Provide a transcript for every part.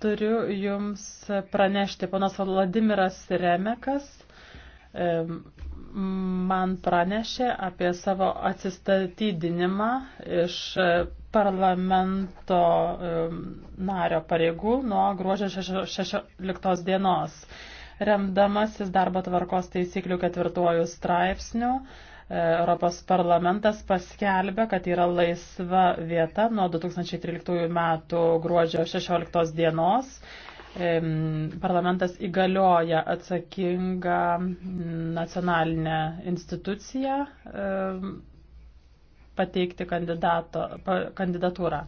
Turiu Jums pranešti, ponas Vladimiras Remekas man pranešė apie savo atsistatydinimą iš parlamento nario pareigų nuo gruodžio 16 dienos. Remdamasis darbo tvarkos taisyklių ketvirtuoju straipsniu, Europos parlamentas paskelbė, kad yra laisva vieta nuo 2013 metų gruodžio 16 dienos. Parlamentas įgalioja atsakingą nacionalinę instituciją pateikti kandidato, pa, kandidatūrą.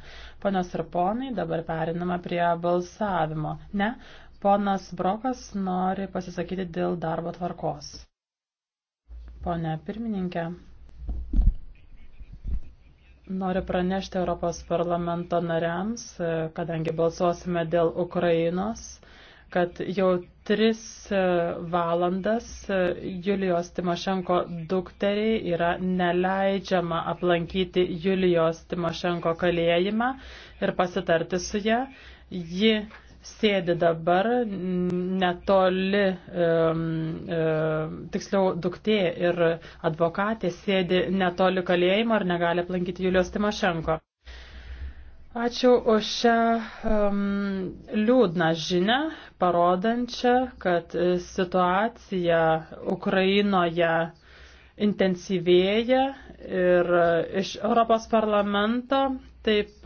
Ponios ir ponai, dabar perinama prie balsavimo. Ne, ponas Brokas nori pasisakyti dėl darbo tvarkos. Pone pirmininkė, noriu pranešti Europos parlamento nariams, kadangi balsuosime dėl Ukrainos, kad jau tris valandas Julijos Timošenko dukteriai yra neleidžiama aplankyti Julijos Timošenko kalėjimą ir pasitarti su ją. Ji sėdi dabar netoli um, e, tiksliau duktė ir advokatė sėdi netoli kalėjimo ir negali aplankyti Julius Timošenko. Ačiū už šią um, liūdną žinę, parodančią, kad situacija Ukrainoje intensyvėja ir iš Europos parlamento taip pat.